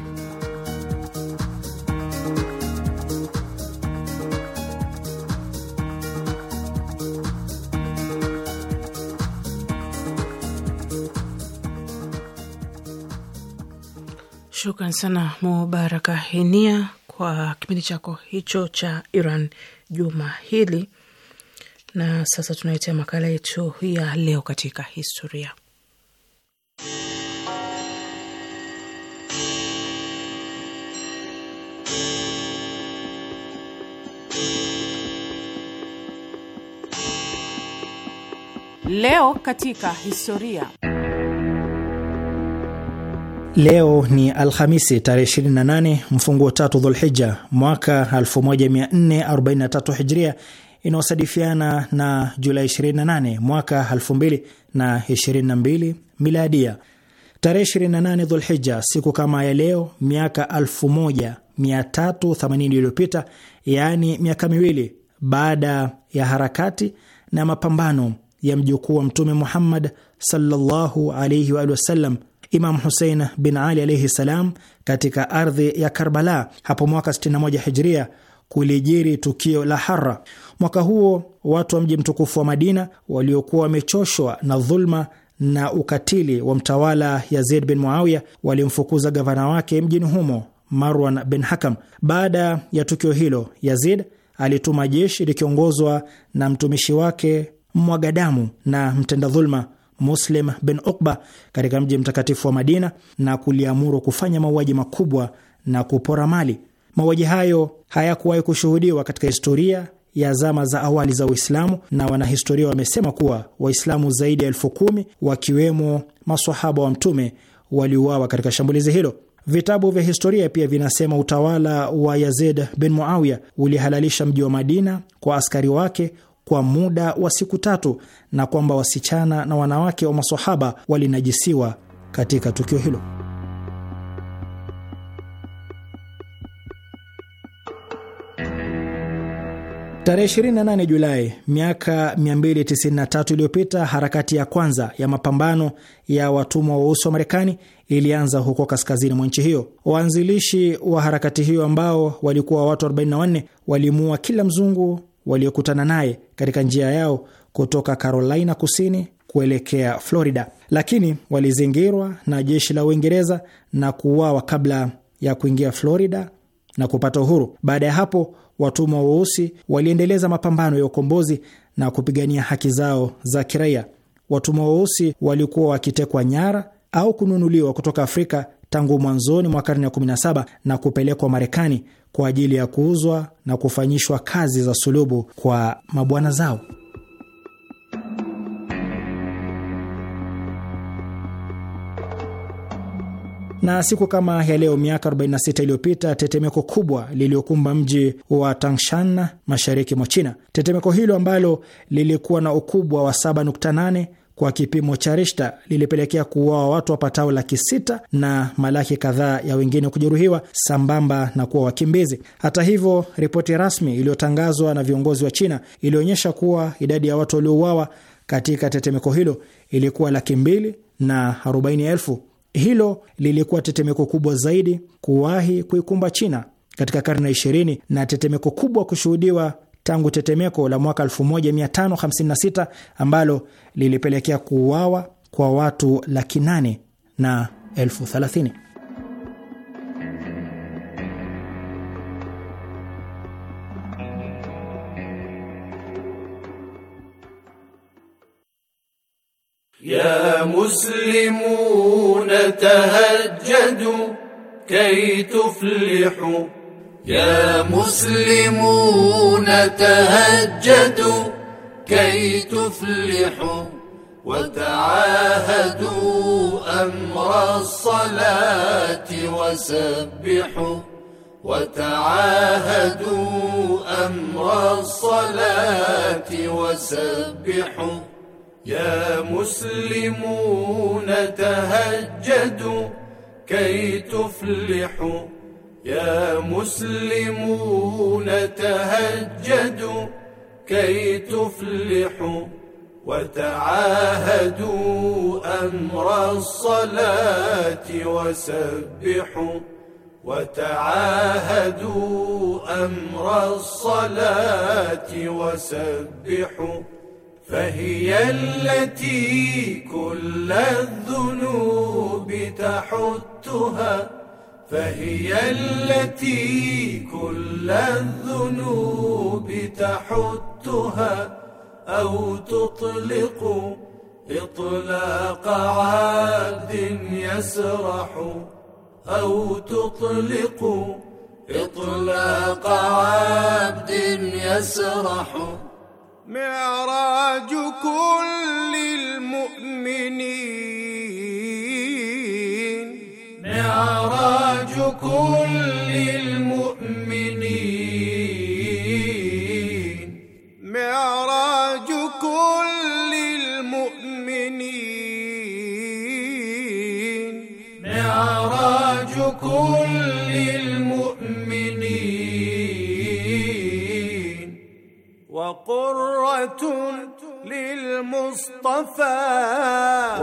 Shukran sana Mubaraka Henia kwa kipindi chako hicho cha Iran juma hili. Na sasa tunaletea makala yetu ya leo katika historia. Leo katika historia. Leo ni Alhamisi tarehe 28 mfunguo tatu Dhulhija mwaka 1443 Hijria, inayosadifiana na Julai 28 mwaka 2022 Miladia. Tarehe 28 Dhulhija, siku kama ya leo miaka 1380 iliyopita, yaani miaka miwili baada ya harakati na mapambano ya mjukuu wa Mtume Muhammad sallallahu alaihi wa alihi wasallam Imam Husein bin Ali alaihi salam katika ardhi ya Karbala hapo mwaka 61 hijria kulijiri tukio la Harra. Mwaka huo watu wa mji mtukufu wa Madina waliokuwa wamechoshwa na dhulma na ukatili wa mtawala Yazid bin Muawiya walimfukuza gavana wake mjini humo Marwan bin Hakam. Baada ya tukio hilo, Yazid alituma jeshi likiongozwa na mtumishi wake mwagadamu na mtenda dhulma Muslim bin ukba katika mji mtakatifu wa Madina na kuliamuru kufanya mauaji makubwa na kupora mali. Mauaji hayo hayakuwahi kushuhudiwa katika historia ya zama za awali za Uislamu, na wanahistoria wamesema kuwa Waislamu zaidi ya elfu kumi wakiwemo masahaba wa Mtume waliuawa katika shambulizi hilo. Vitabu vya historia pia vinasema utawala wa Yazid bin Muawiya ulihalalisha mji wa Madina kwa askari wake kwa muda wa siku tatu na kwamba wasichana na wanawake wa masahaba walinajisiwa katika tukio hilo. Tarehe 28 Julai miaka 293 iliyopita, harakati ya kwanza ya mapambano ya watumwa weusi wa Marekani ilianza huko kaskazini mwa nchi hiyo. Waanzilishi wa harakati hiyo ambao walikuwa watu 44 walimuua kila mzungu waliokutana naye katika njia yao kutoka Carolina kusini kuelekea Florida, lakini walizingirwa na jeshi la Uingereza na kuuawa kabla ya kuingia Florida na kupata uhuru. Baada ya hapo, watumwa weusi waliendeleza mapambano ya ukombozi na kupigania haki zao za kiraia. Watumwa weusi walikuwa wakitekwa nyara au kununuliwa kutoka Afrika tangu mwanzoni mwa karne ya 17 na kupelekwa Marekani kwa ajili ya kuuzwa na kufanyishwa kazi za sulubu kwa mabwana zao. na siku kama ya leo miaka 46 iliyopita tetemeko kubwa liliokumba mji wa Tangshan mashariki mwa China. Tetemeko hilo ambalo lilikuwa na ukubwa wa 7.8 kwa kipimo cha Rishta lilipelekea kuuawa watu wapatao laki sita na malaki kadhaa ya wengine kujeruhiwa sambamba na kuwa wakimbizi. Hata hivyo, ripoti rasmi iliyotangazwa na viongozi wa China ilionyesha kuwa idadi ya watu waliouawa katika tetemeko hilo ilikuwa laki mbili na arobaini elfu. Hilo lilikuwa tetemeko kubwa zaidi kuwahi kuikumba China katika karne ya 20 na tetemeko kubwa kushuhudiwa tangu tetemeko la mwaka 1556 ambalo lilipelekea kuuawa kwa watu laki nane na elfu thelathini. Ya muslimuna tahajjadu kay tuflihu يا مسلمون تهجدوا كي تفلحوا وتعاهدوا أمر الصلاة وسبحوا وتعاهدوا أمر الصلاة وسبحوا يا مسلمون تهجدوا كي تفلحوا يا مسلمون تهجدوا كي تفلحوا وتعاهدوا أمر الصلاة وسبحوا وتعاهدوا أمر الصلاة وسبحوا فهي التي كل الذنوب تحتها فهي التي كل الذنوب تحتها أو تطلق إطلاق عبد يسرح أو تطلق إطلاق عبد يسرح معراج كل المؤمنين معراج كل المؤمنين معراج كل المؤمنين معراج كل المؤمنين وقرة للمصطفى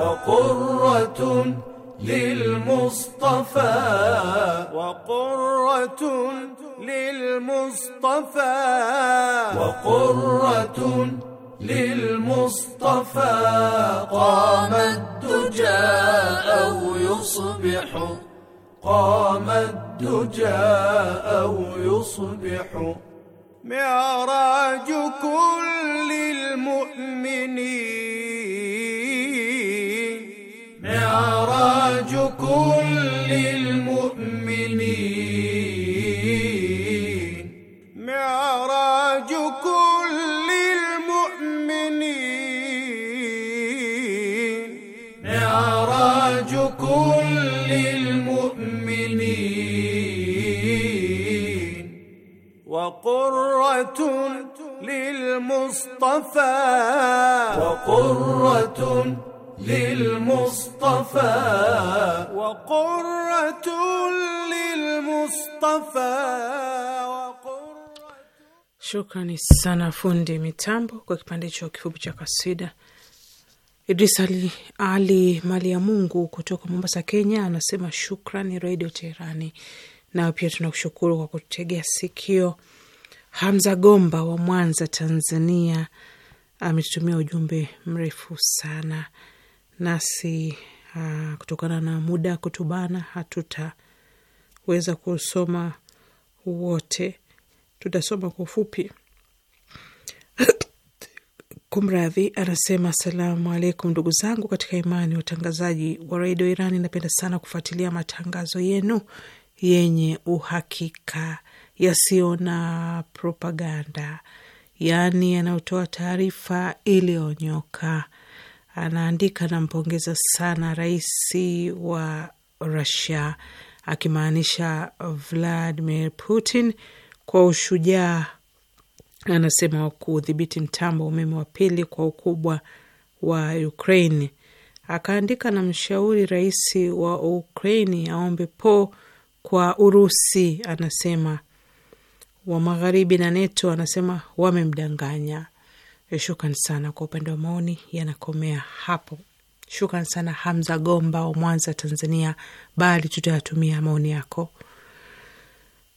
وقرة للمصطفى وقرة للمصطفى وقرة للمصطفى قام الدجى أو يصبح قام الدجى أو يصبح معراج كل المؤمنين كل المؤمنين معراج كل المؤمنين معراج كل المؤمنين وقرة للمصطفى وقرة للمصطفى وقرة للمصطفى Shukrani sana fundi mitambo kwa kipande hicho kifupi cha kasida. Idris Ali, Ali mali ya Mungu kutoka Mombasa, Kenya, anasema shukrani Redio Teherani. Nawe pia tunakushukuru kwa kutegea sikio. Hamza Gomba wa Mwanza, Tanzania, ametutumia ujumbe mrefu sana nasi uh, kutokana na muda kutubana, hatutaweza kusoma wote, tutasoma kwa ufupi. Kumradhi, anasema asalamu alaikum, ndugu zangu katika imani, watangazaji wa redio Irani. Napenda sana kufuatilia matangazo yenu yenye uhakika, yasiyo na propaganda, yaani yanayotoa taarifa iliyonyoka anaandika, nampongeza sana rais wa Rusia, akimaanisha Vladimir Putin kwa ushujaa, anasema wa kudhibiti mtambo wa umeme wa pili kwa ukubwa wa Ukraine. Akaandika na mshauri rais wa Ukraini aombe po kwa Urusi, anasema wa magharibi na NATO, anasema wamemdanganya. Eh, shukran sana kwa upande wa maoni, yanakomea hapo. Shukran sana Hamza Gomba wa Mwanza, Tanzania, bali tutayatumia maoni yako.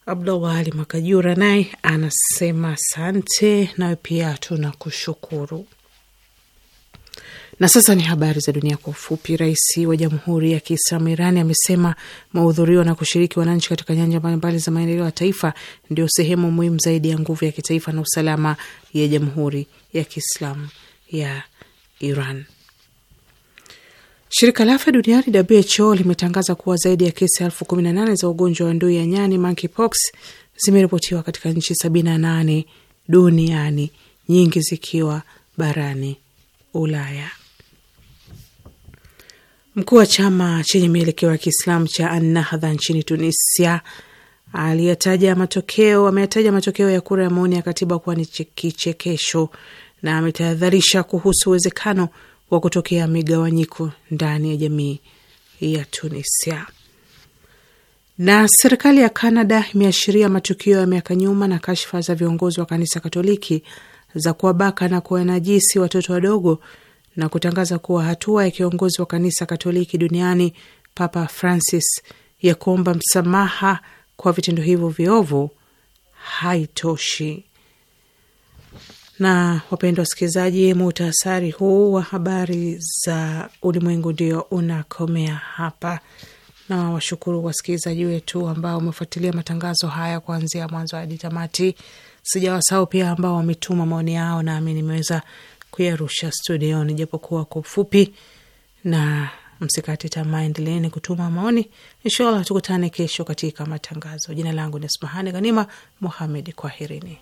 Abdullah Ali Makajura naye anasema asante, nawe pia tunakushukuru. Na sasa ni habari za dunia kwa ufupi. Rais wa Jamhuri ya Kiislamu Iran amesema mahudhurio na kushiriki wananchi katika nyanja mbalimbali za maendeleo ya taifa ndio sehemu muhimu zaidi ya nguvu ya kitaifa na usalama ya jamhuri ya Kiislamu ya Iran. Shirika la afya duniani WHO limetangaza kuwa zaidi ya kesi elfu kumi na nane za ugonjwa wa ndui ya nyani monkeypox zimeripotiwa katika nchi sabini na nane duniani, nyingi zikiwa barani Ulaya. Mkuu wa chama chenye mielekeo ya Kiislamu cha Annahdha nchini Tunisia aliyataja matokeo ameyataja matokeo ya kura ya maoni ya katiba kuwa ni kichekesho na ametahadharisha kuhusu uwezekano wa kutokea migawanyiko ndani ya jamii ya Tunisia. Na serikali ya canada imeashiria matukio ya miaka nyuma na kashfa za viongozi wa kanisa Katoliki za kuwabaka na kuwanajisi watoto wadogo na kutangaza kuwa hatua ya kiongozi wa kanisa Katoliki duniani Papa Francis ya kuomba msamaha kwa vitendo hivyo viovu haitoshi. Na wapendwa wasikilizaji, muhtasari huu wa habari za ulimwengu ndio unakomea hapa, na washukuru wasikilizaji wetu ambao wamefuatilia matangazo haya kuanzia mwanzo hadi tamati. Sijawasahau pia ambao wametuma maoni yao, nami nimeweza kuyarusha studioni japokuwa kwa ufupi, na Msikate tamaa, endeleeni kutuma maoni. Inshallah tukutane kesho katika matangazo. Jina langu ni Asmahani Ghanima Muhamed, kwaherini.